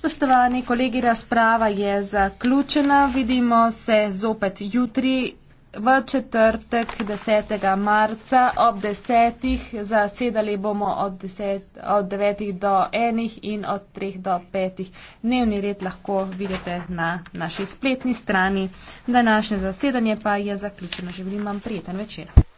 Spoštovani kolegi, razprava je zaključena. Vidimo se zopet jutri v četrtek 10. marca ob 10. Zasedali bomo od, 10, od 9. do 1. in od 3. do 5. Dnevni red lahko vidite na naši spletni strani. Današnje zasedanje pa je zaključeno. Želim vam prijeten večer.